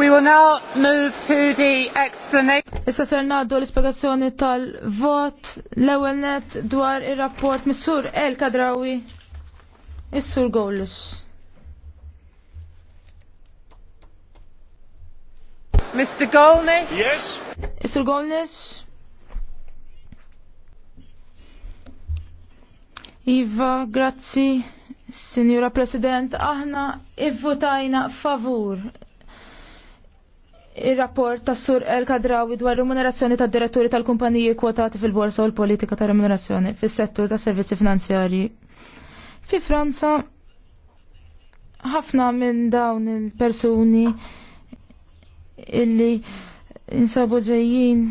We will now move to the explanation. Issa ser naddu l ispegazzjoni tal-vot l-ewwel net dwar ir-rapport Missur El Kadrawi. Is-sur Gowlus. Mr. Golnish? Yes. Mr. Golnish? Iva, grazzi, Signora President. Aħna ivvotajna favur il-rapport ta' Sur El Kadrawi dwar remunerazzjoni ta' diretturi tal-kumpaniji kwotati fil-borsa u l-politika ta' remunerazzjoni fis-settur ta' servizzi finanzjarji. Fi Franza, ħafna minn dawn il-persuni illi insabu ġejjin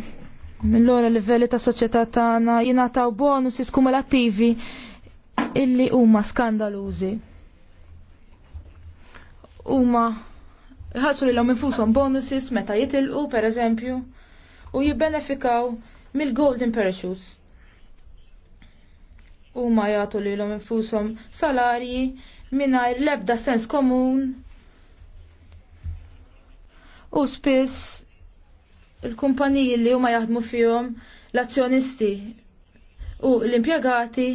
mill-ora livelli ta' soċjetà tagħna jingħataw bonus kumulattivi illi huma skandalużi. Huma Iħassu li l-għom infusom bonuses meta jitilqu, per eżempju, u jibbenefikaw mill-golden parachutes. U ma jgħatu li l-għom infusom salarji minnajr lebda sens komun. U spiss il-kumpaniji li huma jaħdmu fihom l-azzjonisti u l-impjegati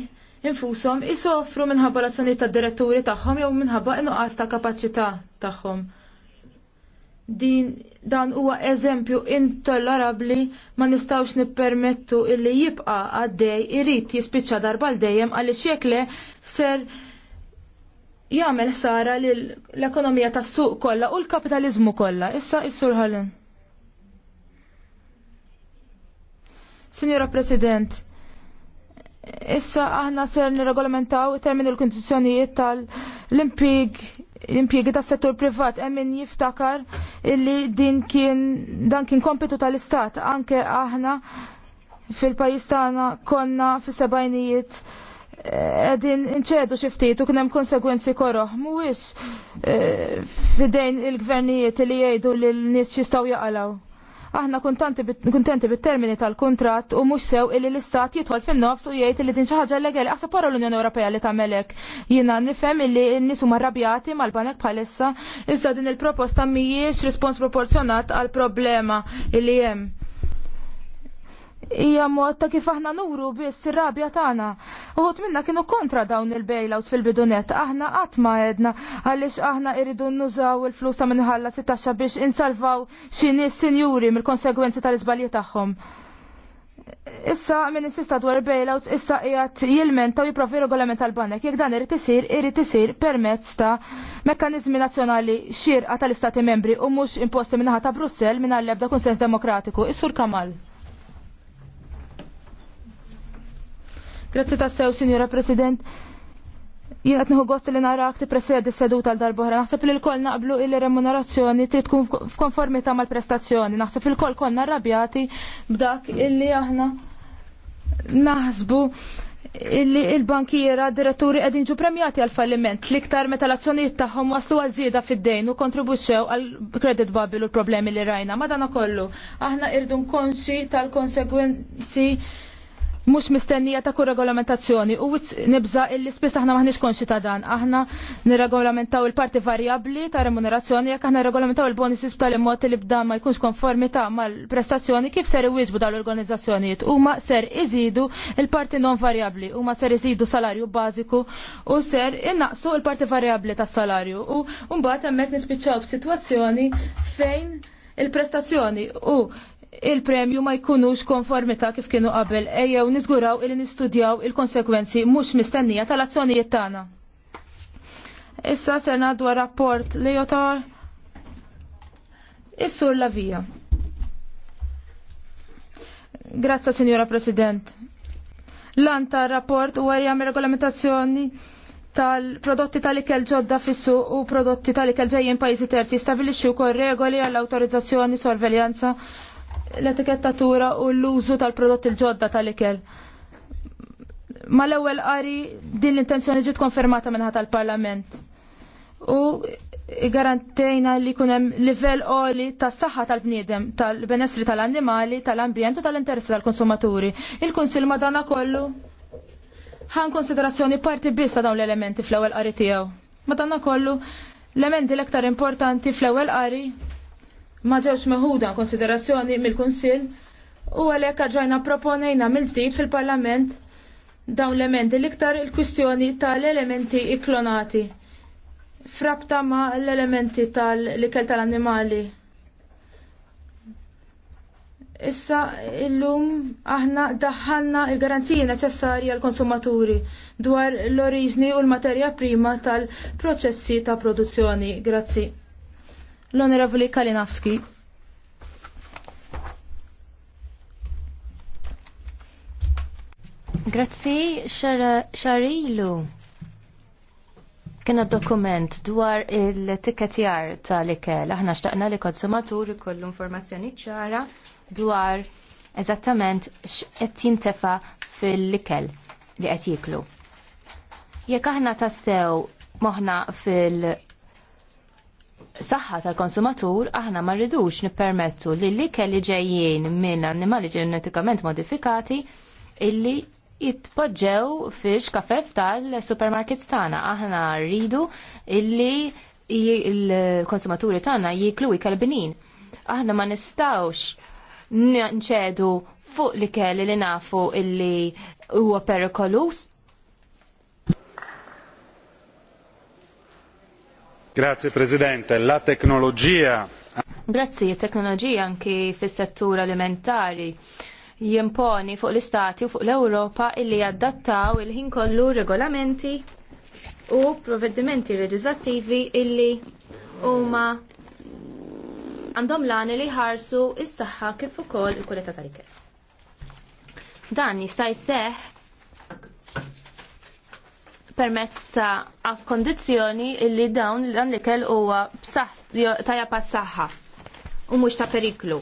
infusom isofru minħabba l-azzjoni tad-diretturi tagħhom jew minħabba inqas ta' kapaċità tagħhom. Ta din dan huwa eżempju intollerabbli ma nistawx nippermettu illi jibqa għaddej irid jispiċċa darba l dejjem għaliex jekk le ser jagħmel ħsara l-ekonomija tas-suq kollha u l-kapitaliżmu kollha. Issa is-Sur Ħalin. Sinjora President, issa aħna ser nirregolamentaw termini l kundizzjonijiet tal-impig l-impjiegi tas settur privat hemm min jiftakar illi din kien dan kien kompetu tal-istat anke aħna fil-pajjiż tagħna konna fis sebajnijiet eh, qegħdin inċedu xi ftit u kien hemm konsegwenzi koroħ mhuwiex eh, fidejn il-gvernijiet li jgħidu l nies jistgħu jaqalaw. Aħna kuntenti bit-termini tal-kuntratt u mhux sew illi l-istat jitħol fin-nofs u jgħid li din xi ħaġa legali aħsa para l-Unjoni Ewropea li tagħmelek. Jiena nifhem illi n-nies huma arrabjati mal-banek bħalissa iżda din il-proposta mhijiex rispons proporzjonat għal problema illi hemm hija mod ta' kif aħna nuru biss ir-rabja tagħna. Uħut minna kienu kontra dawn il-bailouts fil-bidunet, aħna qatt ma għedna għaliex aħna irridu nużaw il-flus ta' minħalla 16 biex insalvaw xi nies sinjuri mill-konsegwenzi tal-iżbalji tagħhom. Issa minn insista dwar bailouts issa qiegħed jilmenta u jipprovi regolament tal-banek. Jekk dan irid isir, irid isir permezz ta' mekkaniżmi nazzjonali xirqa tal-Istati membri u mhux imposti minnaħa ta' Brussell mingħajr l-ebda kunsens demokratiku. Is-Sur Kamal. Grazzi tassew, signora President. Jien qed nieħu gost li narak tippresedi s-seduta l darbohra. Naħseb li l-koll naqblu il remunerazzjoni trid tkun f'konformità mal-prestazzjoni. Naħseb il-koll konna arrabjati b'dak illi aħna naħsbu illi il-bankiera diretturi qegħdin ġu premjati għal falliment l-iktar meta l-azzjonijiet tagħhom waslu għal żieda fid-dejn u kontribuxxew għal credit bubble u l-problemi li rajna. Madana kollu, aħna irdu konxi tal-konsegwenzi mhux mistennija ta' kull regolamentazzjoni u nibża illi spiss aħna maħniex konxi ta' dan. Aħna nirregolamentaw il-parti varjabbli ta' remunerazzjoni jekk aħna regolamentaw il-bonuses tal-immot li b'dan ma jkunx konformità mal-prestazzjoni kif ser iwieġbu dal l-organizzazzjonijiet huma ser iżidu il-parti non varjabbli huma ser iżidu salarju bażiku u ser innaqsu il-parti varjabbli tas-salarju u mbagħad hemmhekk nispiċċaw b'sitwazzjoni fejn il-prestazzjoni u il-premju ma jkunux konformita kif kienu qabel ejjew niżguraw il nistudjaw il-konsekwenzi mhux mistennija tal-azzjonijiet tagħna. Issa ser dwar rapport li jotar is-sur Lavija. Grazza, Sinjora President. Lan ta' rapport u għarjam regolamentazzjoni tal-prodotti tal-ikel ġodda fissu u prodotti tal-ikel ġejjin pajjiżi terzi stabilixxi wkoll regoli għall-awtorizzazzjoni, sorveljanza l-etikettatura u l-użu tal-prodotti l-ġodda tal-ikel. Ma l-ewwel qari din l-intenzjoni ġiet konfermata minnha tal-Parlament. U garantejna li jkun hemm livell qoli tas-saħħa tal-bniedem, tal-benessri tal-annimali, tal-ambjent u tal-interessi tal-konsumaturi. Il-Kunsil madana kollu ħan konsiderazzjoni parti biss ta' dawn l-elementi fl-ewwel qari tiegħu. Madonna kollu, l-elementi l-aktar importanti fl-ewwel qari ma ġewx meħuda konsiderazzjoni mill-Kunsill u għalhekk ġajna proponejna mill-ġdid fil-Parlament dawn l-elementi l-iktar il-kwistjoni tal-elementi iklonati frabta ma l-elementi tal-ikel tal-annimali. Issa illum aħna daħħalna il-garanziji neċessarji għal konsumaturi dwar l-oriġni u l-materja prima tal-proċessi ta' produzzjoni. Grazzi. L-Onorevoli Kalinowski. Grazzi, xarilu. Kena dokument dwar il-tikketjar tal-ikel. Aħna xtaqna li konsumatur kollu informazzjoni ċara dwar eżattament x'qed jintefa fil likel li qed jiklu. Jekk aħna tassew moħna fil- saħħa tal-konsumatur aħna ma rridux nippermettu li li kelli ġejjin minn annimali ġenetikament modifikati illi jitpoġġew fiex kafef tal-supermarkets tagħna. Aħna rridu illi il-konsumaturi tagħna jiklu ikelbinin. Aħna ma nistawx nċedu fuq li kelli li nafu illi huwa perikolus Grazie Presidente, la teknoloġija. Grazzi, teknoloġija anki fis-settur alimentari jimponi fuq l-Istati u fuq l-Ewropa illi jaddattaw il-ħin kollu regolamenti u provvedimenti reġislattivi illi huma għandhom lani li ħarsu is-saħħa kif ukoll il-kuleta tal-ikel. Dan jista' jseħħ permezz ta' kondizzjoni illi dawn dan l-ikel huwa tajja pas saħħa u mhux ta' periklu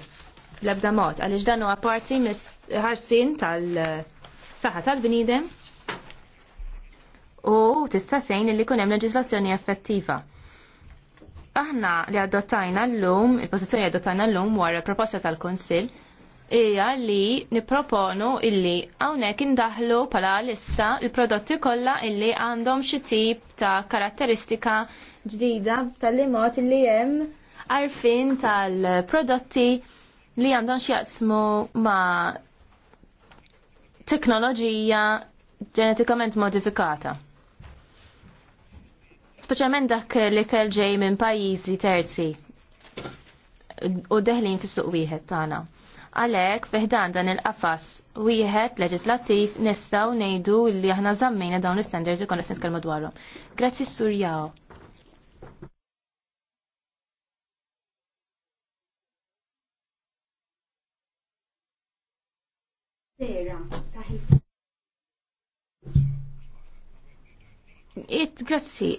l-ebda mod għaliex dan huwa parti mis ħarsin tal-saħħa tal-bniedem u tista' tgħin illi kun hemm leġiżlazzjoni effettiva. Aħna li adottajna llum, il-pożizzjoni adottajna llum wara proposta tal-Kunsill hija li nipproponu illi hawnhekk indaħlu bħala lista l-prodotti kollha illi għandhom xi tip ta' karatteristika ġdida tal-li mod li hemm għarfien tal-prodotti li għandhom x'jaqsmu ma' teknoloġija ġenetikament modifikata. Speċjalment dak li kell ġej minn pajjiżi terzi u deħlin fis-suq wieħed tagħna. Għalhekk fiħdan dan il-qafas wieħed leġislattiv nistaw ngħidu li aħna żammejna dawn l-standards konna s nitkellmu dwarhom. Grazzi Surjaw. It, grazzi,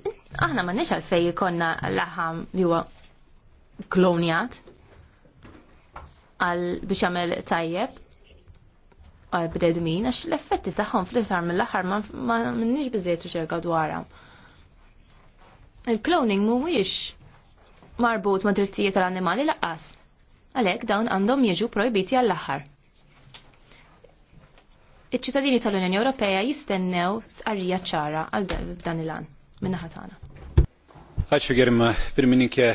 aħna ma nix għalfej konna l-ħam li huwa klonjat għal biex jagħmel tajjeb għal bredmin għax l-effetti tagħhom fl-isar mill-aħħar ma minnix biżejjed riċerka dwarha. Il-cloning mhuwiex marbut ma' drittijiet tal-annimali laqqas. Għalhekk dawn għandhom jiġu projbiti għall-aħħar. Iċ-ċittadini tal-Unjoni Ewropea jistennew sqarrija ċara għal dan il-għan naħa tagħna. Ħadd xi germa Pirminike.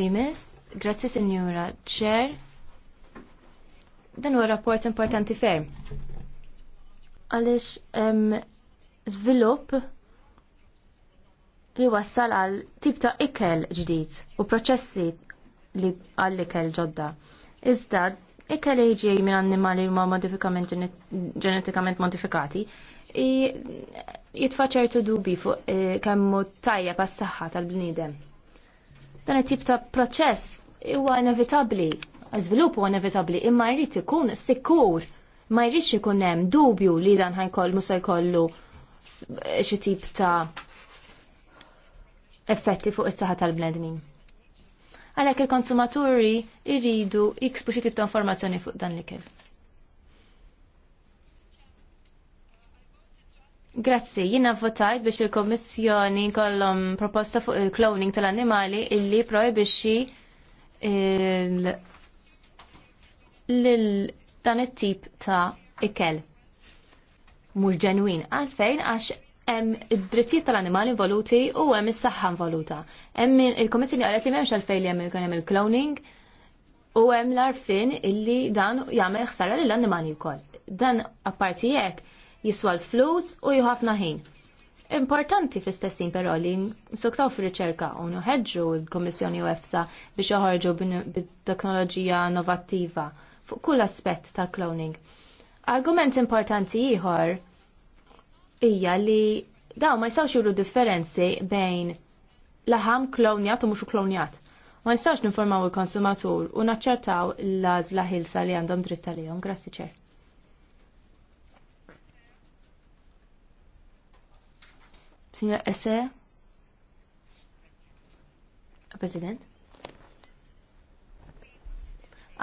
li miss, grazzi Sinjura Ċer. Dan huwa rapport importanti ferm. Għaliex żvilupp li wassal għal tip ta' ikel ġdid u proċessi li għall ikel ġodda. Iżda ikel iġi minn annimali ma modifikament ġenetikament modifikati jitfa' ċertu dubi fuq eh, kemmu tajja pas saħħa tal-bniedem. Dan it-tip ta' proċess huwa inevitabbli, żvilupp huwa inevitabbli, imma jrid ikun sikur, ma jridx ikun hemm dubju li dan ħajkollu se jkollu xi tip ta' effetti fuq is-saħħa tal-bnedmin. Għalhekk il-konsumaturi jridu jiksbu xi tip ta' informazzjoni fuq dan l-ikel. Grazzi, jina votajt biex il kummissjoni kollom proposta fuq il-cloning tal-animali illi projbixi lil dan it-tip ta' ikel mhux ġenwin għalfejn għax hemm id-drittijiet tal-annimali involuti u hemm is-saħħa involuta. Hemm il-Kummissjoni qalet li m'hemmx għalfejn li hemm ikun hemm il-cloning u hemm l-arfin illi dan jagħmel ħsara lill-annimali wkoll. Dan apparti jekk jiswa l-flus u ħafna ħin. Importanti fi stessin, però li nsuktaw fi riċerka u nħedġu l-Komissjoni u biex joħorġu bit-teknoloġija innovattiva fuq kull aspett ta' cloning. Argument importanti ieħor hija li daw ma jistgħux juru differenzi bejn laħam klonjat u mhux klonjat. Ma nistax ninformaw il-konsumatur u naċċertaw l-għażla ħilsa li għandhom dritt għalihom. Grazzi ċer. Signor Esse? President?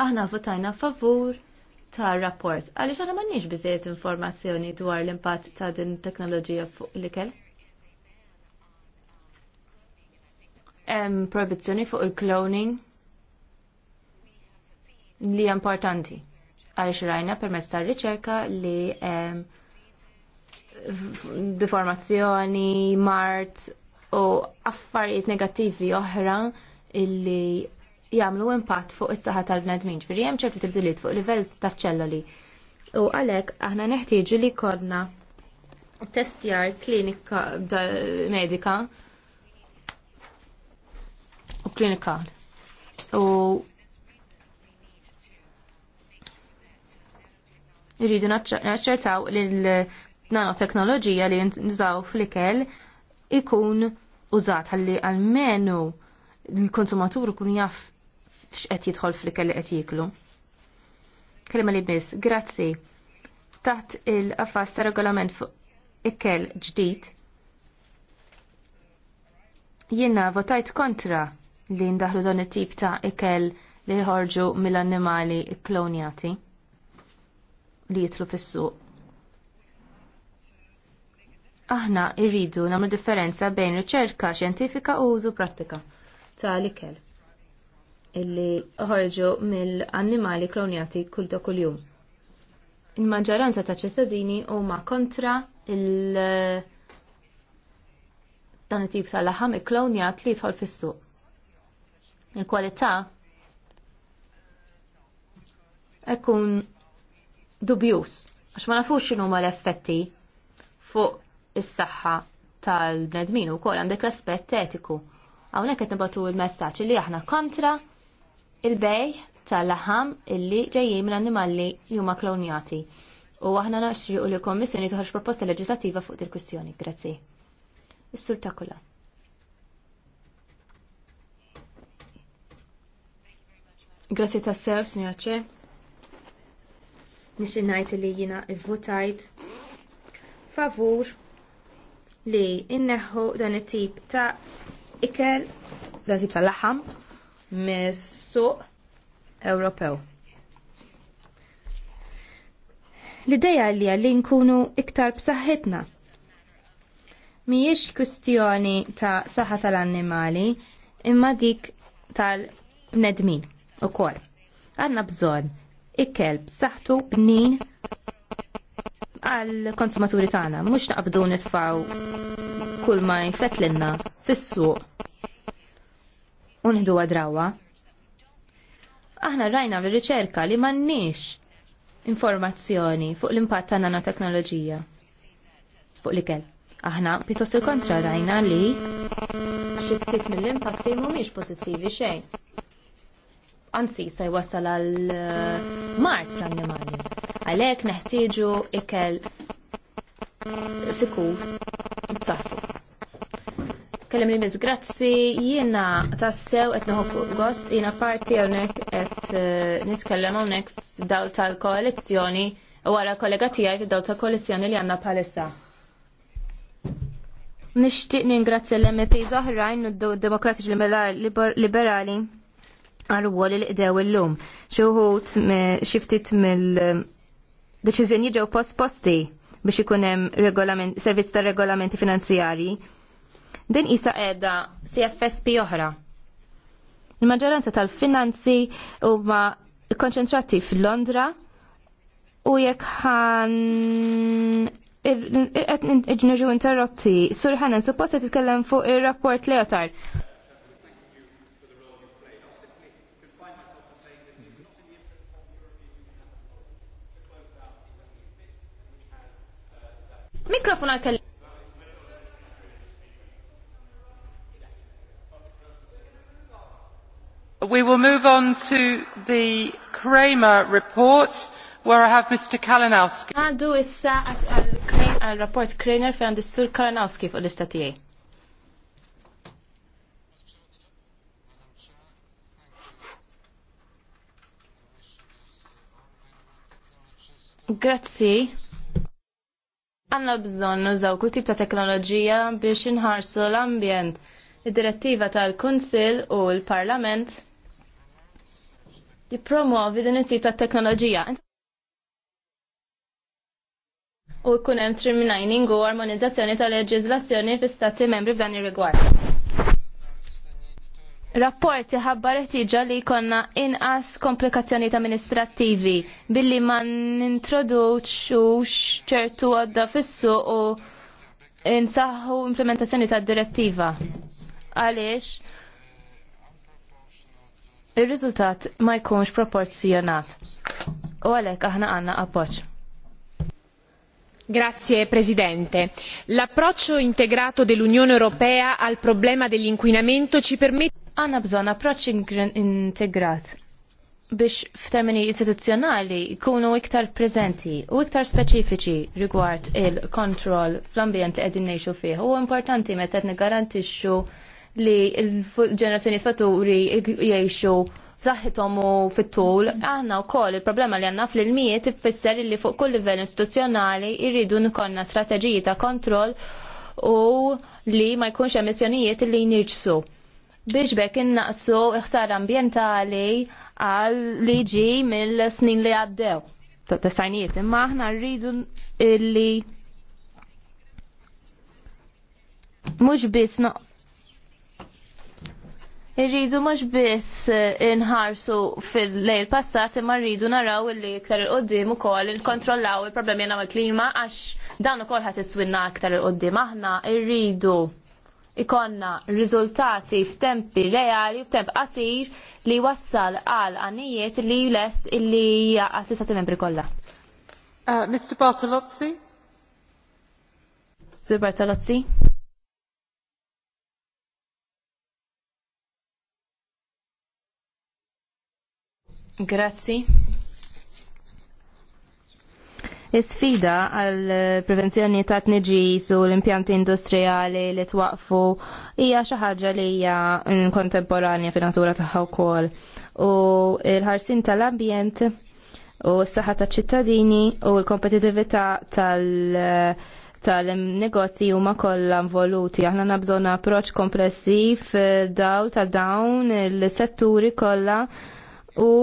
Aħna votajna favur ta' rapport. Għaliex aħna m'għandniex biżejjed informazzjoni dwar l-impatt ta' din teknoloġija fuq l-ikel? Hemm proibizzjoni fuq il-cloning li importanti għaliex rajna permezz tar-riċerka li hemm deformazzjoni, mart u affarijiet negattivi oħra illi jagħmlu impatt fuq is-saħħa tal-bnedmin. Ġifieri hemm ċerti tibdiliet fuq livell taċ-ċelloli. U għalhekk aħna neħtieġu li kodna testjar klinika medika u klinika. U irridu naċċertaw li nanoteknoloġija li nżaw fl-ikel ikun użat għalli għalmenu l-konsumatur kun jaff x'qed jidħol fl-ikel li qed jiklu. Kelma li biss, grazzi. Taħt il-qafas ta' regolament fuq ikel ġdid jiena votajt kontra li ndaħlu dawn it-tip ta' ikel li ħorġu mill-annimali klonjati li jitlu fis-suq aħna irridu nagħmlu differenza bejn riċerka xjentifika u użu prattika ta' ikel illi ħorġu mill-annimali klonjati kull ta' kuljum. Il-maġġoranza ta' ċittadini huma kontra il- dan it-tip ta' laħam il-klonjat li jidħol fis-suq. Il-kwalità ekkun dubjus għax ma nafux x'inhuma l-effetti fuq is-saħħa tal-bnedmin u kol għandek l-aspett etiku. Hawnhekk qed nibatu l-messaġġ li aħna kontra il-bej tal-laħam illi ġejjin mill-annimali huma klonjati. U aħna u li l-Kommissjoni toħroġ proposta leġislativa fuq il kustjoni Grazzi. Is-sur takula. Grazzi sew signor Ċe. Nixin najt li jina votajt favur li inneħħu dan it-tip ta' ikel, dan it-tip ta' laħam mis-suq Ewropew. L-ideja li li nkunu iktar b'saħħitna. Mhijiex kwistjoni ta' saħħa tal-annimali, imma dik tal-nedmin ukoll. Għanna bżonn ikel b'saħħtu bnin għal-konsumaturi tagħna, mhux naqbdu nitfgħu kull ma jfetlinna fis-suq u nħdu drawa. Aħna rajna fir-riċerka li m'għandniex informazzjoni fuq l-impatt ta' nanoteknoloġija fuq l-ikel. Aħna pjuttost il-kontra rajna li xi ftit mill-impatti mhumiex pożittivi xejn. Anzi, se jwassal għal eh, mart l-annimali. Għalhekk neħtieġu ikel sikur b'saħħtu. Kellem li miss grazzi, jiena tassew qed noħob gost, jiena parti hawnhekk qed eh, nitkellem hawnhekk f'daw tal-koalizzjoni wara kollega tiegħi f'daw tal-koalizzjoni li għandna bħalissa. Nixtieq ningrazzja l-MP Zahrajn u d-Demokratiċi Liberali għal-wol li qdew illum. Xi wħud xi ftit mill- deċiżjoni ġew post-posti biex ikun hemm servizz ta' regolamenti finanzjarji. Din isa qiegħda CFSP oħra. Il-maġġoranza tal-finanzi huma konċentrati f'Londra u jekk ħan qed interrotti. Sur supposta titkellem fuq ir-rapport Leotard. Mikrofon għal-kelli. We will move on to the Kramer report where I have Mr. Kalinowski. Għandu issa għal-rapport Kramer fejn għandu sur Kalinowski fuq l-istatijaj. Grazie. Għanna bżon nużaw kull tip ta' teknoloġija biex inħarsu l-ambjent. Id-direttiva tal-Kunsil u l-Parlament jippromovi din it-tip ta' teknoloġija. U jkun hemm streamlining u armonizzazzjoni tal-leġiżlazzjoni fi stati membri f'dan ir-rigward rapporti ħabbaret iġa li jkollna inqas komplikazzjonijiet amministrattivi billi ma nintroduċux ċertu għadda fissu u insaħu implementazzjoni tad direttiva. Għalix, ir-riżultat ma jkunx proporzjonat. U għalhekk aħna għandna appoġġ. Grazie Presidente. L'approccio integrato dell'Unione Europea al problema dell'inquinamento ci permette Għanna bżon approċċ integrat biex f'termini istituzzjonali jkunu iktar prezenti u iktar speċifiċi rigward il-kontroll fl-ambjent li qegħdin ngħixu fih. U importanti meta qed nigarantixxu li l-ġenerazzjoni faturi jgħixu f'saħħithom u fit-tul għandna wkoll il-problema li għandna fl-ilmijiet tifisser li fuq kull livell istituzzjonali jridu nkollna strateġiji ta' kontroll u li ma jkunx emissjonijiet li jnirġsu biex bekk innaqsu iħsar ambjentali għal liġi mill-snin li għaddew. Ta' sajnijiet, imma aħna rridu illi mux bis no. Irridu mux bis eh, inħarsu fil-lejl passat imma rridu naraw illi iktar il-qoddim u kol inkontrollaw il-problemi għal klima għax dan u kol ħat iswinna iktar il-qoddim. Aħna irridu ikonna riżultati f'tempi reali, u f'temp qasir li wassal għal għannijiet li lest illi għal tista' membri kollha. Uh, Mr. Bartolozzi? Sir Bartolozzi? Grazzi sfida għal prevenzjoni ta' tniġis u l-impjanti industrijali li twaqfu hija xi ħaġa li hija kontemporanja fin-natura tagħha wkoll. U l-ħarsin tal-ambjent u s-saħħa taċ-ċittadini u l-kompetitività tal- tal-negozji huma kollha involuti. Aħna nabżonna approċċ komplessiv eh, daw ta' dawn il-setturi kollha u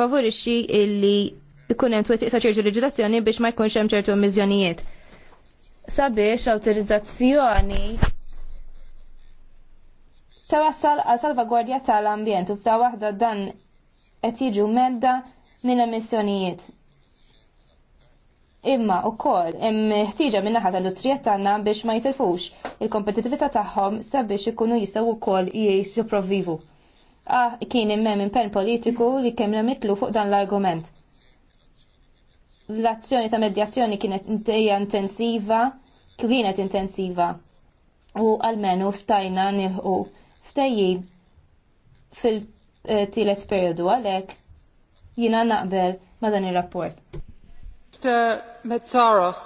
favorixxi illi jkun hemm twettiq ċertu leġislazzjoni biex ma jkunx hemm ċertu emmiżjonijiet. Sabiex awtorizzazzjoni tawassal għal salvagwardja tal-ambjent u f'da waħda dan qed jiġu medda minn emissjonijiet imma u koll imm ħtiġa minnaħa tal-industrija tagħna biex ma jitilfux il-kompetitività tagħhom sabiex ikunu jistgħu wkoll jisuprovvivu ah, kien immem impen politiku li kemm remitlu fuq dan l-argument. L-azzjoni ta' medjazzjoni kienet intejja intensiva, kienet intensiva u għalmenu stajna nilħu ftejji fil-tielet periodu għalek jina naqbel ma dan il-rapport. Metzaros.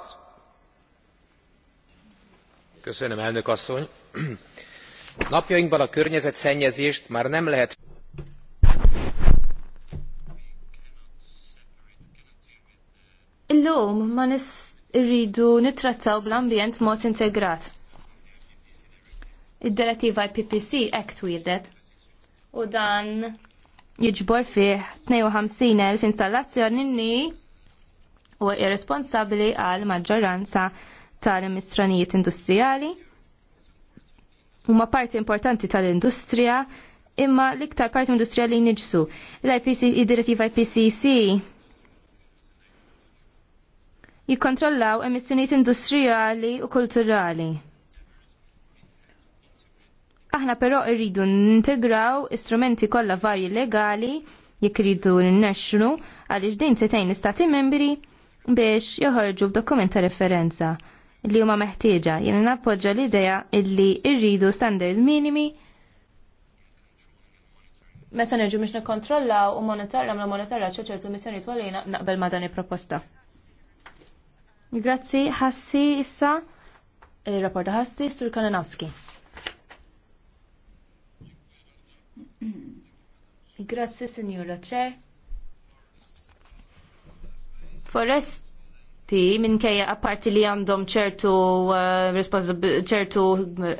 ma' għandek asszony. Napjainkban a környezetszennyezést már nem lehet Illum ma irridu nittrattaw bl-ambjent mod integrat. Id-direttiva IPPC hekk twiedet u dan jiġbor fih 52.000 installazzjoni ni u irresponsabbli għal maġġoranza tal-emistranijiet industrijali huma parti importanti tal-industrija imma l-iktar parti industrija li nġsu. L-IPCC, id-direttiva IPCC jikkontrollaw emissjonijiet industrijali u kulturali. Aħna però rridu nintegraw istrumenti kollha varji legali jekk rridu nnexxru għaliex din setejn l-istati membri biex joħorġu b'dokument ta' referenza li huma meħtieġa. Jien nappoġġa l-idea illi rridu standards minimi meta nerġu biex nikkontrollaw u monitorra mla monitorra ċertu missjoni twalina naqbel ma dan proposta Grazzi, ħassi issa il rapporta ħassi sur Kalinowski. Grazzi, Signor Chair. Forest esperti minkejja apparti li għandhom ċertu uh, ċertu uh,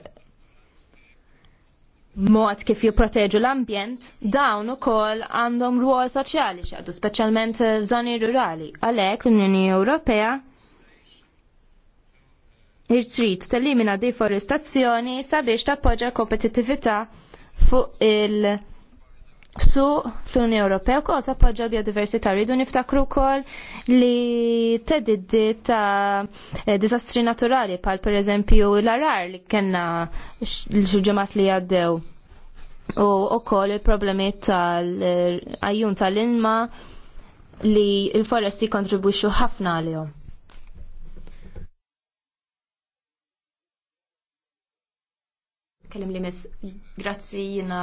mod kif jipproteġu l-ambjent, dawn ukoll għandhom ruol soċjali x'għadu, speċjalment uh, f'żoni rurali. Għalhekk l-Unjoni Ewropea irtrid telimina deforestazzjoni sabiex tappoġġa l-kompetitività fuq il- F'su fl-Unjoni Ewropea wkoll tappoġġa biodiversità rridu niftakru wkoll li tediddi ta' eh, diżastri naturali bħal pereżempju l-arar li kellna l-ġuġemat li għaddew u wkoll il-problemi tal-ajjun tal-ilma li il-foresti kontribwixxu ħafna għalihom. Kellim li mis, grazzi jina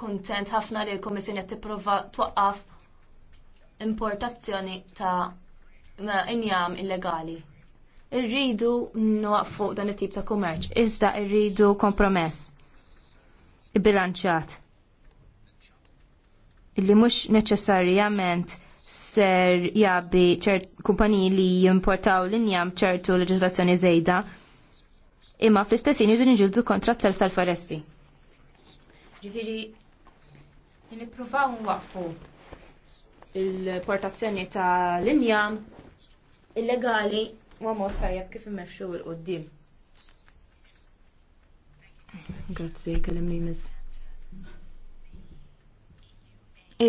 kontent ħafna li l-Komissjoni qed tipprova twaqqaf importazzjoni ta' injam illegali. Irridu nwaqfu dan it-tip ta' kummerċ, iżda irridu kompromess bilanċat illi mhux neċessarjament ser jabbi ċert kumpaniji li jimportaw l-injam ċertu leġislazzjoni żejda imma fl-istessin jużu nġildu kontra tal-foresti. Ġifiri, Nippruvaw nwaqfu il-portazzjoni ta' linja illegali u mod tajjeb kif immexxu l qoddim Grazzi, kellem li mis.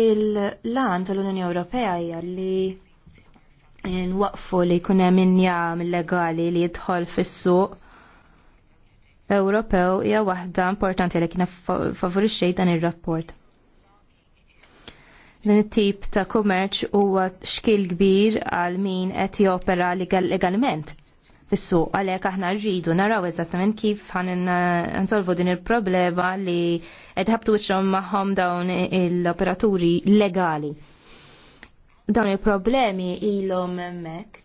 Il-lan tal-Unjoni Ewropea hija li nwaqfu li jkun hemm injam illegali li jidħol fis-suq Ewropew hija waħda importanti li kien favorixxej dan ir-rapport din it-tip ta' kummerċ huwa xkil kbir għal min qed jopera legalment. fis-suq. għalhekk aħna rridu naraw eżattament kif ħan nsolvu din il-problema li qed ħabtu wiċċhom magħhom dawn l-operaturi legali. Dawn il-problemi ilhom hemmhekk.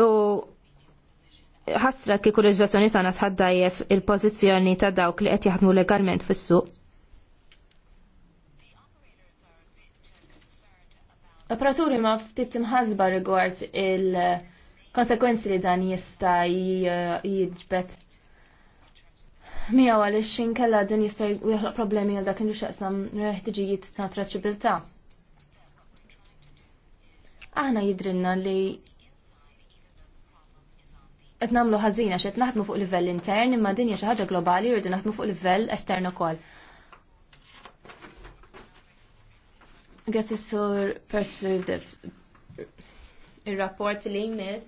U ħasra kieku l-ġazzjoni tagħna tħaddajjef il-pożizzjoni ta' dawk li qed jaħdmu legalment fis-suq L-operaturi ma ftit imħazba rigward il-konsekwenzi li dan jista jiġbet Mija għalix inkella din jista' jħloq problemi għal dak li xaqsam ħtiġijiet ta' traċibilità. Aħna jidrinna li qed nagħmlu ħażina x'qed naħdmu fuq livell intern imma din hija xi ħaġa globali u rridu naħdmu fuq livell estern ukoll. Grazzi sur persudev. Il-rapport li jmiss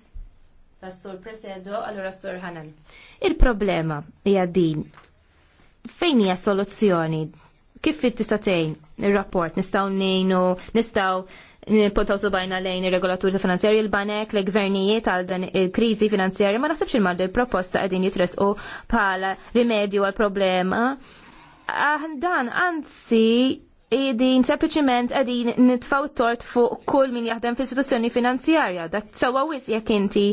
ta' sur presedo allora sur Hanan. Il-problema hija din. Fejn hija soluzzjoni? Kif fit tista' tgħin ir-rapport nistgħu ngħinu, nistgħu nipotaw subajna lejn ir-regolatur ta' finanzjarji il banek l-gvernijiet għal dan il-kriżi finanzjarja ma naħsibx il-mardu il-proposta qegħdin jitresqu bħala rimedju għal problema. Dan anzi Idin sempliciment għadin nitfaw tort fuq kull min jaħdem fi istituzzjoni finanzjarja. Dak sewa wis jekk inti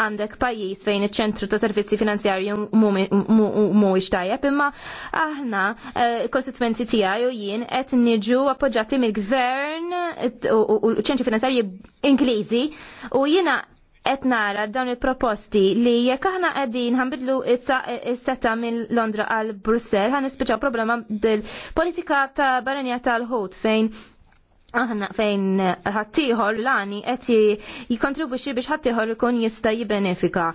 għandek pajjiż fejn iċ-ċentru ta' servizzi finanzjarju mu tajjeb, imma aħna eh, konsekwenzi tiegħi u jien qed niġu appoġġjati mill-gvern u ċentru finanzjarji Ingliżi u jiena qed nara dawn il-proposti li jekk aħna qegħdin ħanbidlu is-seta minn Londra għal Brussell ħan nispiċċaw problema dil politika ta' barranija tal-ħut fejn aħna fejn ħaddieħor lani qed jikontribwixxi biex ħaddieħor ikun jista' jibbenefika.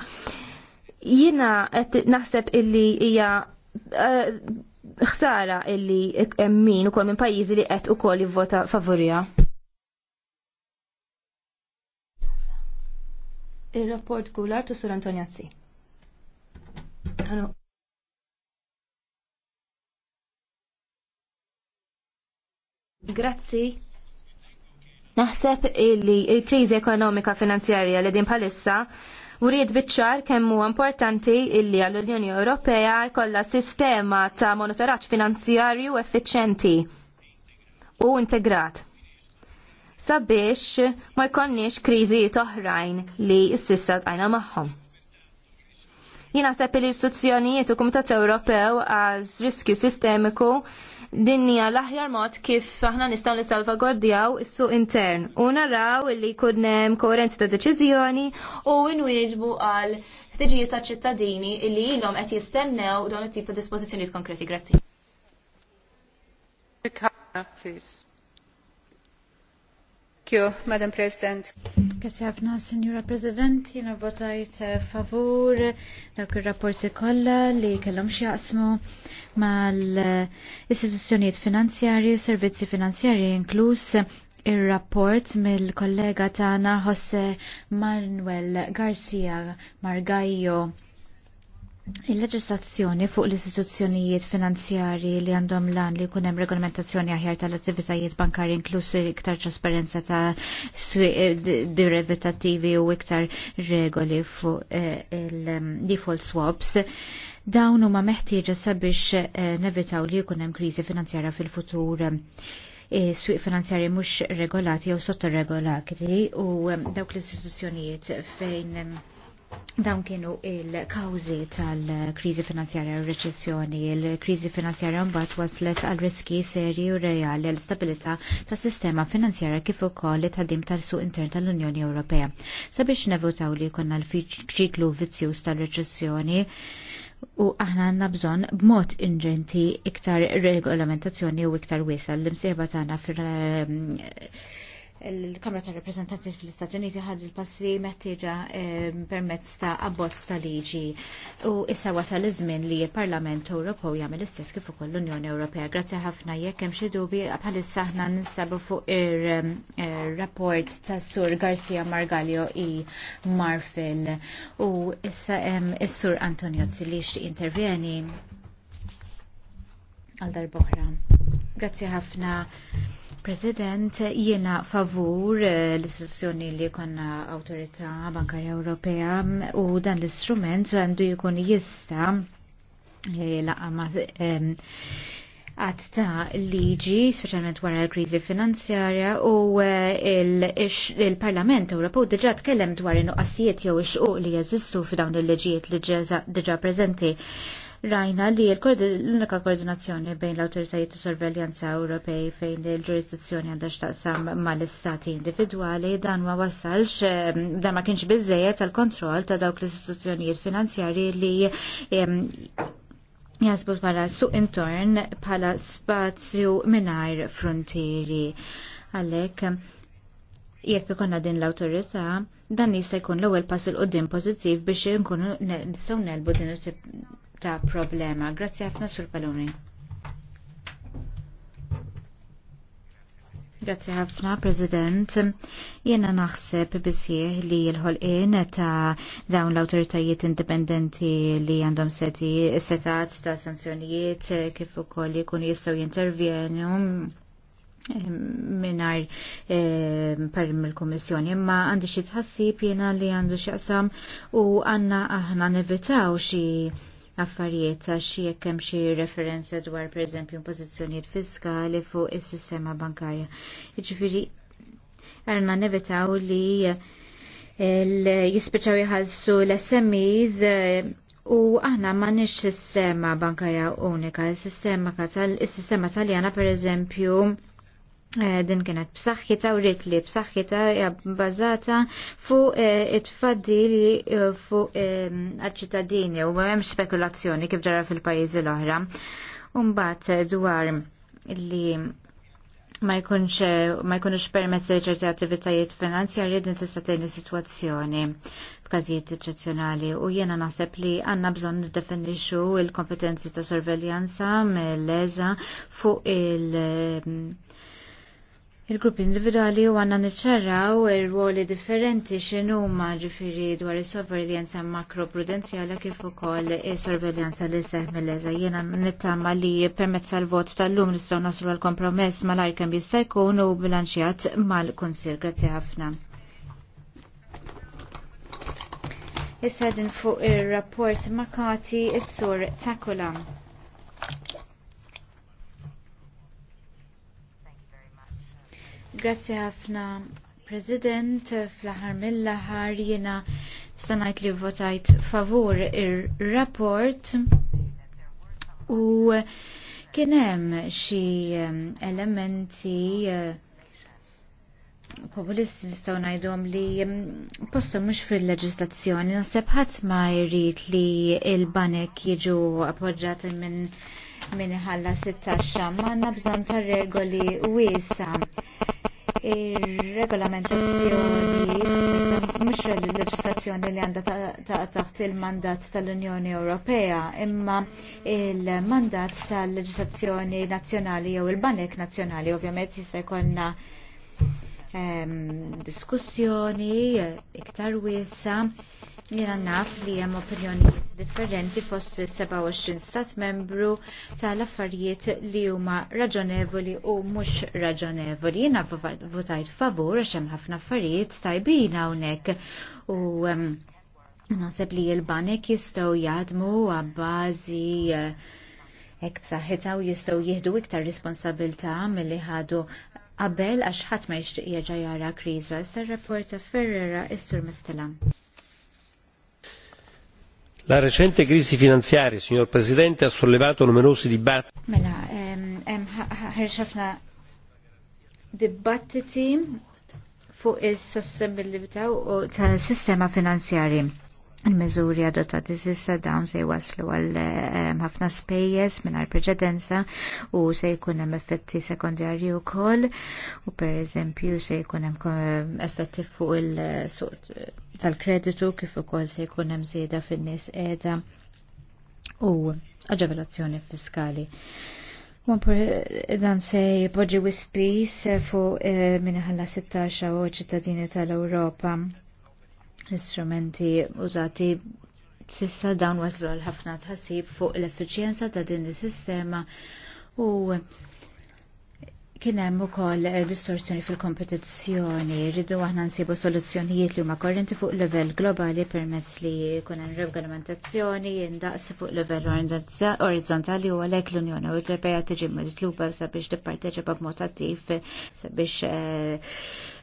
Jiena qed naħseb illi hija eh, ħsara illi hemm min ukoll minn pajjiżi li qed ukoll jivvota favorija. Il-rapport Gular tu Sur Antonjazzi. Grazzi. Naħseb illi il-kriżi ekonomika finanzjarja li din bħalissa Uriet bitċar kemm huwa importanti illi għall-Unjoni Ewropea jkollha sistema ta' monitoraġġ finanzjarju effiċjenti u integrat sabiex ma jkonniex kriżijiet oħrajn li s-sissa tajna magħhom. Jina sepp li istituzzjonijiet u Komitat Ewropew għaz riskju sistemiku dinja l-aħjar mod kif aħna nistgħu nissalvagordjaw is-suq intern u naraw li jkun hemm ta' deċiżjoni u nwieġbu għal ħtiġijiet ta' ċittadini li ilhom qed jistennew dawn it-tip ta' dispożizzjonijiet konkreti. Grazzi. Madam President. Grazie ħafna, Signora President, jina votajt eh, favur dawk il-rapporti kollha li kellhom x'jaqsmu mal-istituzzjonijiet finanzjarji u servizzi finanzjarji inkluż ir-rapport mill-kollega tagħna Jose Manuel Garcia Margaio. Il-leġislazzjoni fuq l-istituzzjonijiet finanzjari li għandhom lan li jkun hemm regolamentazzjoni aħjar tal-attivitajiet bankari inklusi iktar trasparenza ta' eh, derivativi u iktar regoli fuq eh, il-default eh, swaps. Dawn huma meħtieġa sabiex nevitaw li jkun hemm kriżi finanzjara fil-futur swieq finanzjari mhux regolati jew sottoregolati u dawk l-istituzzjonijiet fejn Dawn kienu il-kawzi tal-krizi finanzjarja u reċessjoni. Il-krizi finanzjarja mbagħad waslet għal riski seri u reali għal stabilità tas sistema finanzjarja kif ukoll li tħaddim tal-suq intern tal-Unjoni Ewropea. Sabiex nevutaw li konna l-ċiklu vizzjuż tal-reċessjoni, u aħna għanna bżon b'mod inġenti iktar regolamentazzjoni u iktar wiesa l-imsieba tagħna fir il-Kamra ta' Rappresentanti fl-Istat Uniti ħad il-passi meħtieġa ehm, permezz ta' abbozz ta' liġi u issa wasal iż-żmien li l-Parlament Ewropew jagħmel istess kif ukoll l-Unjoni Ewropea. Grazzi ħafna jekk hemm xi dubi bħalissa aħna ninsabu fuq ir-rapport ehm, er, ta' Sur Garcia Margalio i Marfil u issa hemm is-Sur Antonio Zilli xtieq intervjeni għal oħra. Grazzi ħafna. President, jiena favur eh, l-istituzzjoni li konna autorità bankarja Ewropea u dan l-istrument għandu jkun jista eh, laqama għat ta' liġi, specialment wara l-krizi finanzjarja, u eh, il-Parlament Ewropew diġa tkellem dwar in-nuqqasijiet jew ix xquq li jeżistu f'dawn il-liġijiet li diġa preżenti rajna li l-unika koordinazzjoni bejn l-autoritajiet ta' sorveljanza Ewropej fejn il-ġurisdizzjoni għandha x'taqsam mal-istati individwali dan ma wassalx dan ma kienx biżejjed tal-kontroll ta' dawk l-istituzzjonijiet finanzjarji li jasbu bħala suq intern bħala spazju mingħajr frontieri. Għalhekk jekk ikonna din l-awtorità, dan jista' jkun l-ewwel pass il qudiem pożittiv biex inkunu nistgħu nelbu din it-tip ta' problema. Grazzi ħafna sur Paloni. Grazzi ħafna, President. Jena naħseb bisieħ li l-ħolqin ta' dawn l-autoritajiet indipendenti li għandhom seti setat ta' sanzjonijiet kif ukoll jkunu jistgħu jintervjenu minar e, il mill imma għandi xi tħassib jiena li għandu x'jaqsam u għandna aħna nevitaw xi affarijiet ta' xi jekk hemm xi referenza dwar pereżempju impożizzjonijiet fiskali fuq is-sistema bankarja. Jiġifieri għarna nevitaw li eh, jispiċaw jħallsu l-SMEs eh, U aħna ma nix sistema bankarja unika, il-sistema tal-jana per eżempju Eh, din kienet b'saħħitha u rrit li b'saħħitha hija bbażata fuq eh, it-tfaddil eh, fuq ċittadini u m'hemmx spekulazzjoni kif ġara fil-pajjiżi l-oħra. Umbagħad dwar li ma jkunx ma jkunux permessi ċerti attivitajiet finanzjarji din tista' tgħin is-sitwazzjoni f'każijiet eċċezzjonali u jiena naħseb li għandna bżonn niddefinixxu l-kompetenzi ta' sorveljanza mill-leża fuq il- il-grupp individuali u għanna niċċarraw il ruoli differenti x'inhuma ġifieri dwar is-sorveljanza makroprudenzjali kif ukoll is-sorveljanza li seħ mill-eża. Jiena nittama li permezz tal-vot tal-lum nistgħu naslu għal kompromess mal kemm jista' jkun u bilanċjat mal kunsil Grazzi ħafna. Issa din fuq ir-rapport Makati is-sur Takola. Grazzi ħafna President, fl-aħħar mill-aħħar jiena stanajt li votajt favur ir-rapport u kien hemm xi ehm, elementi eh, populisti nistgħu ngħidhom li ehm, postom mhux fil-leġislazzjoni naħseb ħadd ma jrid li l-banek jiġu appoġġjati minn minn ħalla 16 ma għandna bżonn ta' regoli wiesa ir-regolamentazzjoni mhux il-leġislazzjoni li għandha taħt il-mandat tal-Unjoni Ewropea, imma il-mandat tal-leġislazzjoni nazzjonali jew il-banek nazzjonali, ovvjament jista' jkollna ehm, diskussjoni iktar wiesa' Jiena naf li hemm opinjonijiet differenti fost 27 stat membru tal-affarijiet li huma raġonevoli u mhux raġonevoli. Jiena votajt favur għax hemm ħafna affarijiet tajbin hawnhekk u ehm, naħseb li l-banek jistgħu jaħdmu għabbażi eh, hekk b'saħħitha u jistgħu jieħdu iktar responsabilità milli ħadu qabel għax ħadd ma jixtieq jerġa' jara kriża. Sar rapporta Ferrera is-Sur Mistela. La recente crisi finanziaria, signor Presidente, ha sollevato numerosi dibattiti. Mela, ħarxafna ehm, ehm, dibattiti fuq is-sostenibilità tal-sistema finanzjarji il-mezuri adottati sissa dawn se jwaslu għal ehm, ħafna spejjeż mingħajr preċedenza u se jkun hemm effetti sekondarji wkoll u pereżempju se jkun hemm effetti fuq il tal-kreditu kif ukoll se jkun hemm żieda fin-nies qiegħda u aġevolazzjoni fiskali. Dan se jpoġġi wispis fuq eh, minħalla 16 u ċittadini tal-Ewropa L-istrumenti użati sissa dawn waslu għal ħafna tħassib fuq l-effiċjenza ta' din is-sistema u Kien hemm ukoll eh, distorsjoni fil-kompetizzjoni, rridu aħna nsibu soluzzjonijiet li huma korrenti fuq livell globali permezz li jkun hemm regolamentazzjoni jindaqs fuq livell orizzontali u għalhekk l-Unjoni Ewropea tiġi mitluba sabiex tipparteċipa b'mod attiv sabiex eh,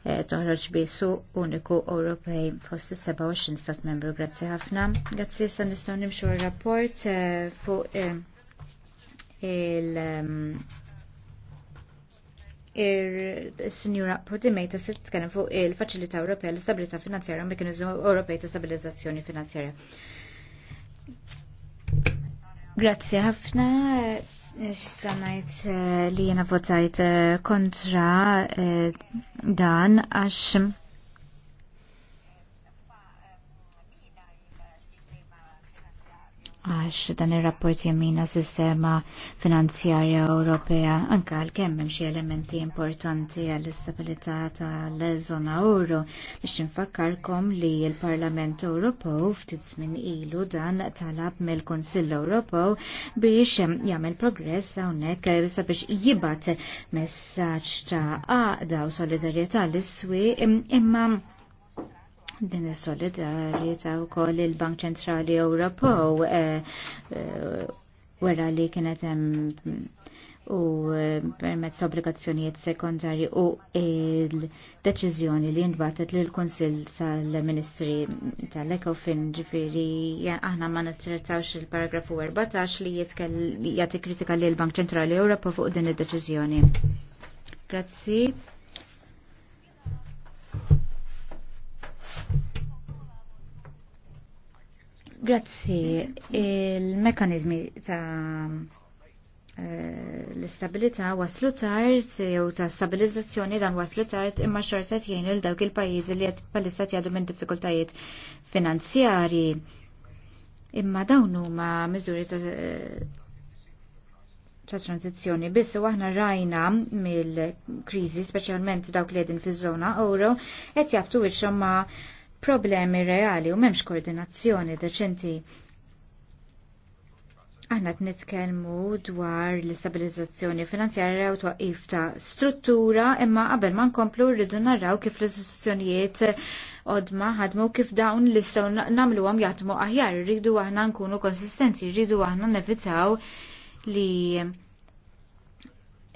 eh, toħroġ bi suq uniku Ewropej fost is-27 stat membru. Grazzi ħafna. Grazzi issa nistgħu nimxu r-rapport fuq il- ehm, il-Sinjura Podimejta se tkellem fuq il-Faċilità Ewropea l-Istabilità Finanzjarja u Mekanizmu Ewropej ta' Stabilizzazzjoni Finanzjarja. Grazzi ħafna. Sanajt eh, li jena votajt eh, kontra eh, dan għax għax dan ir-rapport jemmina sistema finanzjarja Ewropea anka għal kemm hemm xi elementi importanti għall istabilità tal-żona euro biex tinfakkarkom li l-Parlament Ewropew ftit żmien ilu dan talab mill-Kunsill Ewropew biex jagħmel progress hawnhekk sabiex jibgħat messaġġ ta' għaqda u solidarjetà l-iswi imma im Din is-solidarjetà wkoll il-Bank Ċentrali Ewropew eh, eh, wara li kienet hemm u eh, permezz obbligazzjonijiet sekondarji u il-deċiżjoni li nbatet lil kunsill tal-Ministri tal-Ekofin ġifiri aħna ma nittrattawx il-paragrafu 14 li jagħti kritika lil bank Ċentrali Ewropa fuq din id-deċiżjoni. Grazzi. Grazzi, il-mekanizmi ta' eh, l-istabilità waslu tard jew ta' stabilizzazzjoni dan waslu tard imma xorta jgħin il dawk il-pajjiżi li qed palissa jgħadu minn diffikultajiet finanzjarji. Imma dawn huma miżuri ta' eh, ta' Biss u aħna rajna mill-kriżi, speċjalment dawk li qegħdin fiż-żona euro, qed jabtu wiċċhom ma' problemi reali u memx koordinazzjoni deċenti. Aħna qed nitkellmu dwar l-istabilizzazzjoni finanzjarja u twaqif ta' struttura imma qabel ma nkomplu rridu narraw kif l-istituzzjonijiet odma ħadmu kif dawn l-istaw nagħmluhom jaħdmu aħjar, rridu aħna nkunu konsistenti, rridu aħna nevitaw li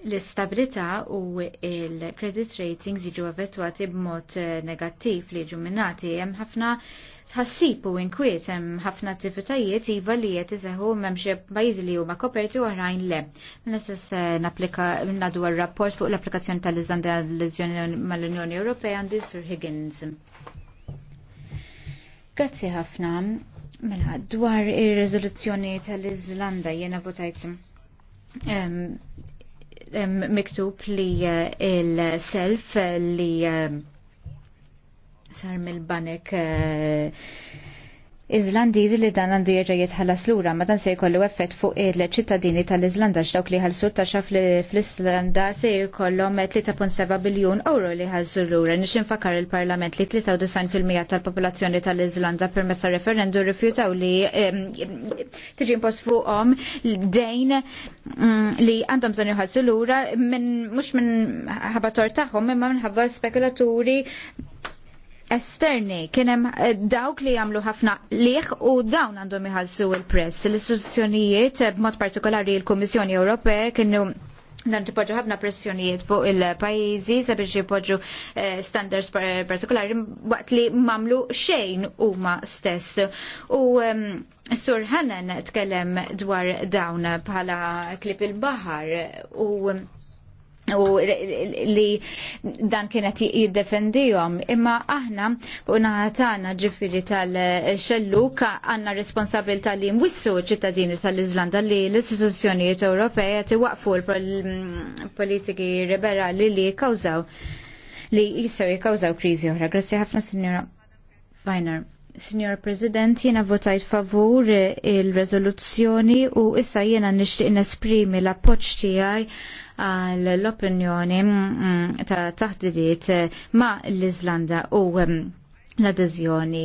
l-istabilità u l credit ratings jiġu effettwati b'mod eh, negattiv li jiġu minnati hemm ħafna tħassib u inkwiet hemm ħafna attivitajiet iva li qed iseħħu m'hemmx pajjiżi li huma koperti oħrajn le. Mill-istess mela eh, napplika ngħadu rapport fuq l-applikazzjoni tal-Iżlanda mal-Unjoni Ewropea għandi Sir Higgins. Grazzi ħafna. Mela, dwar ir-riżoluzzjoni tal-Iżlanda jiena votajt ehm, miktub li eh, il-self li eh, sar mill-banek eh, Iżlandiżi li dan għandu jerġa' jitħallas lura ma dan se jkollu effett fuq il-ċittadini tal-Iżlanda x'dawk li ħallsu taxxa fl-Iżlanda se jkollhom 3.7 biljun euro li ħallsu lura. Nix infakar il-Parlament li 93% tal-popolazzjoni tal-Iżlanda permezz referendu rifjutaw li tiġi impost fuqhom dejn mm, li għandhom bżonn jħallsu lura minn mhux minn ħabator tagħhom imma minħabba spekulaturi esterni kien hemm eh, dawk li jagħmlu ħafna liħ u dawn għandhom iħallsu il-press. L-istituzzjonijiet eh, b'mod partikolari l-Kummissjoni Ewropea kienu dan tipoġġu ħafna pressjonijiet fuq il-pajjiżi sabiex jipoġġu eh, standards partikolari waqt li mamlu xejn huma stess. U ehm, Sur Hannan tkellem dwar dawn bħala klip il-baħar u ehm, u li dan kienet jiddefendijom. Imma aħna u ħatana ġifiri tal xelluka għanna responsabilta li mwissu ċittadini tal-Izlanda li l-istituzzjonijiet Ewropej għati waqfu l-politiki liberali li kawżaw li jisaw jikawżaw krizi oħra. Grazie ħafna, Signora Weiner. Signor President, jiena votajt favur il-rezoluzzjoni u issa jiena nishtiq nesprimi l appoġġ tiegħi għal l-opinjoni mm, mm, ta' taħdidiet ma' l-Izlanda u mm, l-adeżjoni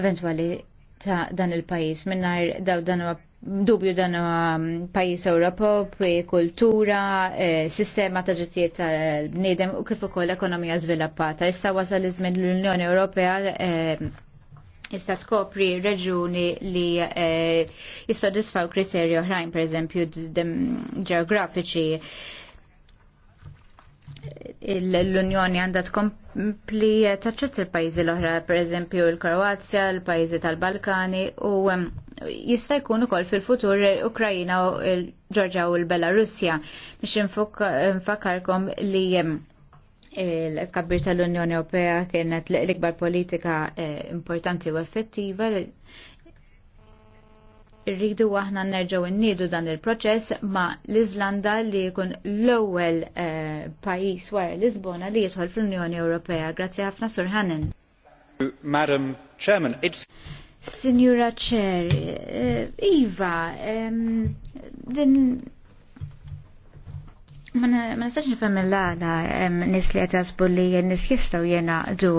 eventuali ta' dan il-pajis minnajr daw dan dubju dan pajis Ewropa, kultura, eh, sistema ta' ġittijiet tal-bnidem u kif ukoll ekonomija żviluppata. Issa wasal iż-żmien l-Unjoni Ewropea eh, Issa tkopri reġuni li jistodisfaw eh, jissodisfaw kriterju oħrajn, per eżempju, ġeografiċi. L-Unjoni għandha tkompli eh, taċċett il-pajjiżi l-oħra, per eżempju, l-Kroazja, il pajjiżi tal-Balkani u jista' jkun ukoll fil-futur Ukrajina u ġorġa u l-Belarusja. Nix infakarkom li l kabbir tal-Unjoni Ewropea kienet l-ikbar politika eh, importanti u effettiva rridu aħna nerġgħu nniedu dan il-proċess ma l-Iżlanda li jkun l-ewwel eh, pajjiż wara Lisbona li jidħol fl-Unjoni Ewropea. Grazzi ħafna Sur Hannan. Madam Chairman, it's Signora Chair, eh, Iva, din Ma nistax nifhem l-għala nis li għatasbu li nis jistaw jena du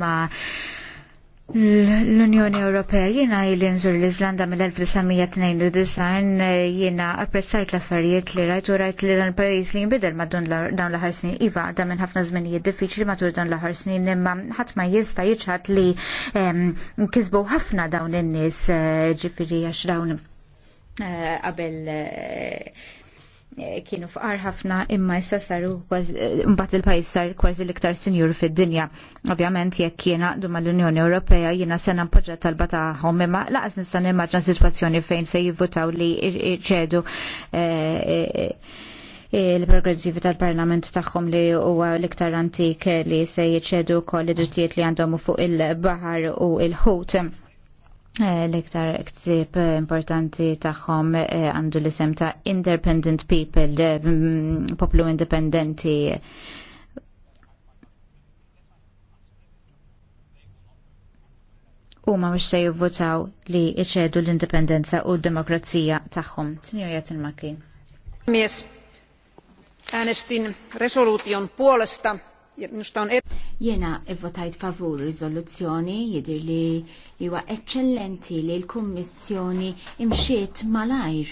ma L-Unjoni Ewropea jiena li nżur l-Iżlanda mill-1992 jiena apprezzajt l-affarijiet li rajt u rajt li dan pajjiż li jinbidel ma dawn l-aħħar snin iva da minn ħafna żminijiet diffiċli matul dawn l-aħħar snin imma ħadd ma jista' jiġħad li kisbu ħafna dawn in-nies eh, ġifieri għax dawn eh, qabel eh, Eh, kienu fqar ħafna imma issa saru eh, mbagħad il-pajjiż sar kważi l-iktar sinjur fid-dinja. Ovvjament jekk jiena għaqdu mal-Unjoni Ewropea jiena se nampoġġa talba tagħhom imma laqas nista' nimmaġna sitwazzjoni fejn se jivvutaw li ċedu eh, il-progressivi tal-parlament tagħhom li huwa l-iktar antik li se jiċedu wkoll id-drittijiet li għandhom fuq il-baħar u il-ħut. il baħar u il il baħar u il ħut Eh, l-iktar ksib importanti tagħhom eh, għandu l-isem ta' Independent People, eh, mm, poplu indipendenti. u ma mux se jivvotaw li iċedu l-indipendenza u l-demokrazija tagħhom. Sinjor Jatin Maki. Mies, äänestin resoluution puolesta Jena votajt favur rizoluzzjoni jidir li li huwa eccellenti li l-Kummissjoni imxiet malajr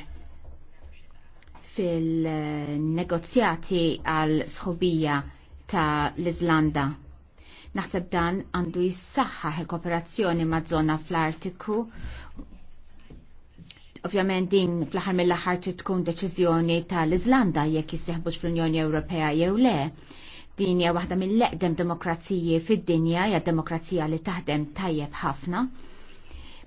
fil-negozjati għal sħobija ta' l-Iżlanda. Naħseb dan għandu jissaħħaħ il-kooperazzjoni ma' zona fl-Artiku ovvjament din fl-aħħar mill-aħħar tkun deċiżjoni tal-Iżlanda jekk jisseħbux fl-Unjoni Ewropea jew le, Din hija waħda mill-eqdem demokrazija fid-dinja hija demokrazija li taħdem tajjeb ħafna.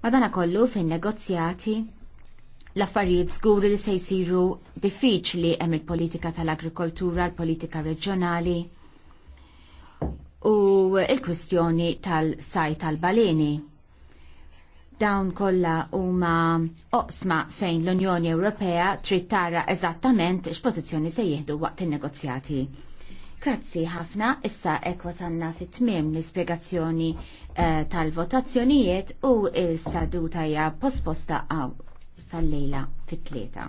Madana kollu fin-negozjati l-affarijiet żguri li se jsiru diffiċli hemm il-politika tal-agrikoltura, l-politika reġjonali u il-kwistjoni tal-saj tal-baleni dawn kollha huma oqsma fejn l-Unjoni Ewropea trid tara eżattament x'pożizzjoni se jieħdu waqt in-negozjati. Grazzi ħafna, issa ekwa sanna fit tmiem l-ispiegazzjoni eh, tal-votazzjonijiet u s-saduta hija posposta għaw sal-lejla fit-tlieta.